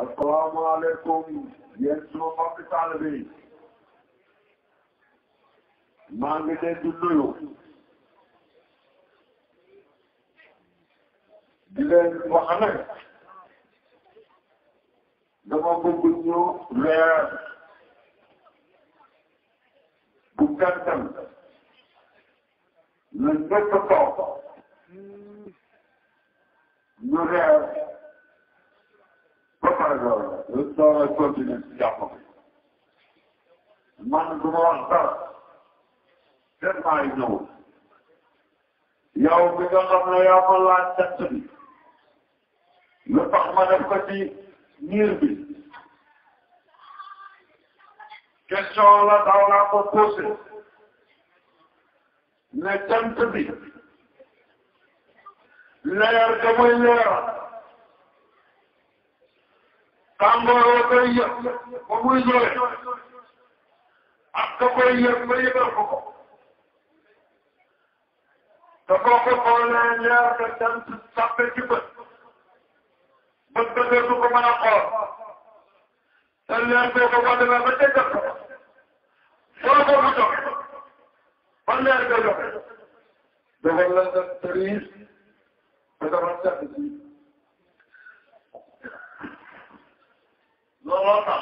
السلام عليكم يا فقط طالبي مانگتے دلو دلن وخنا dama bëgg ñu leer bu gàttal la ñu réer ba pare loolu loolu continuer si jàpp man du ma wax dara tellement ay ñëw yow bi nga ma laaj cant bi ma def ko ci bi question la daaw naa ko posé ne cant bi لا يركب إلا قاموا وقيا وموزوا أكبر يرمي بالحكم تقوى قولا لا تتم تستقبل جبل بدأتكم من أقوى سلاتكم بعد ما بدأتكم صوتوا حتى فلا يرجعوا دولة التريس Lọ́wọ́ náà,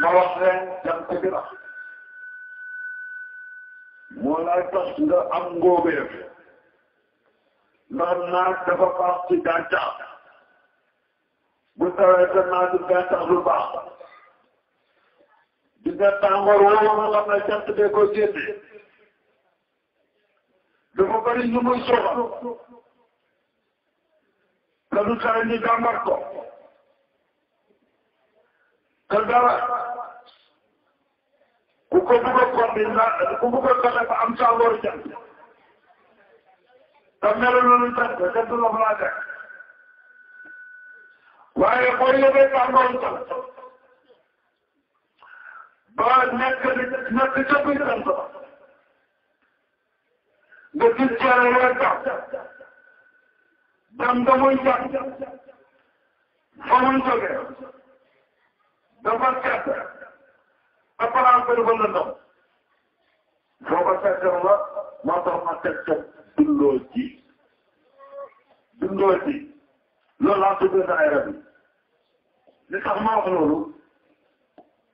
lọ́wọ́ fẹ́ jẹ́ ń tẹ́bí náà. Mọ́láríkà sura an gobe na dafa fasu gata, mutaraita na su gata ruba. Gidan tangon ruwan malamai can su dai ko ce dafa bëri ñu muy soxla te du tere ñu jàmbat ko te dara ku ko bugg a kondi na ku bugg a kondi ba am saa loo jël te melul lu ñu tënk te du loolu laa def waaye boo yëgee tàngoor itam ba nekk nekk ca biir tàngoor gis jara yee tax dam da muy cat fa muy jóge dafa cat a palaas ba dafa lëndam boo ko seetal la moo tax ma teg cat dundoo ji dundoo ji loolu laa tuddee sa ay rab yi li tax ma wax loolu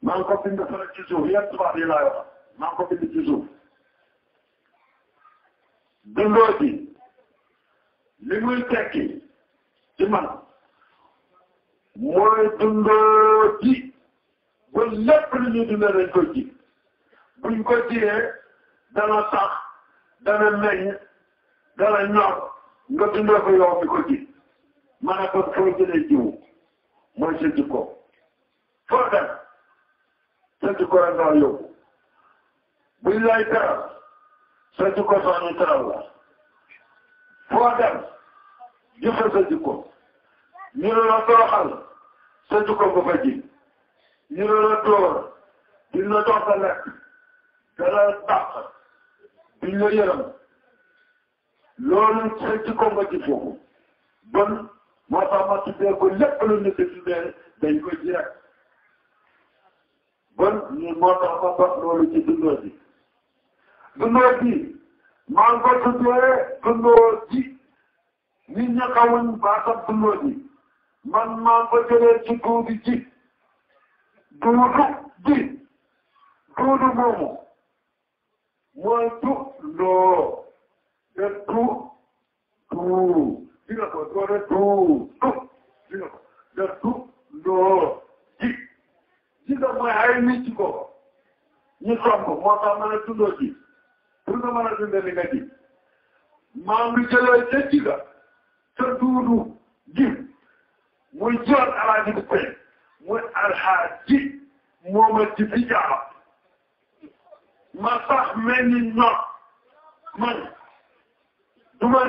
maa ngi ko bind fële ci suuf yéen tubaab yi laa wax maa ngi ko bind ci suuf dundoo ji li muy tekki ci man mooy dundoo ba lépp lu ñuy dundee ko ji buñ ko jiyee dana tax dana meññ dana ñor nga dundee ko yow mi ko ji man a ko foo jëlee jiwu mooy sa jikko foo dem sa jikko rek yóbbu buñ lay teral sa jikko soo ñu teral foo dem jëfal sa jikko ñu ne la sa jikko nga fa ji ñu ne la dóor duñ sa lekk dala dàq duñ yërëm loolu sa jikko nga ji foofu bon moo tax ma tuddee ko lépp lu ñu tuddee dañ ko ji rek bon moo tax ma baax loolu ci dundoo bi dundoo ji maa ngi ko tuddee dundoo ji nit ña xawuñ baatam dundoo ji man maa ko jëlee ci duudi ji duudu ji duudu moomu mooy du ndoo te du du di nga du du ji ji nga mooy ay nit ko ñu somb moo tax ma ne dundoo pour nga mën a dundal li nga ji maam bi jëloon ca ci ga te duudu ji muy joon alaaji bu koy muy alxaaji mooma ci fi jaara ma sax mel ni ñor man du ma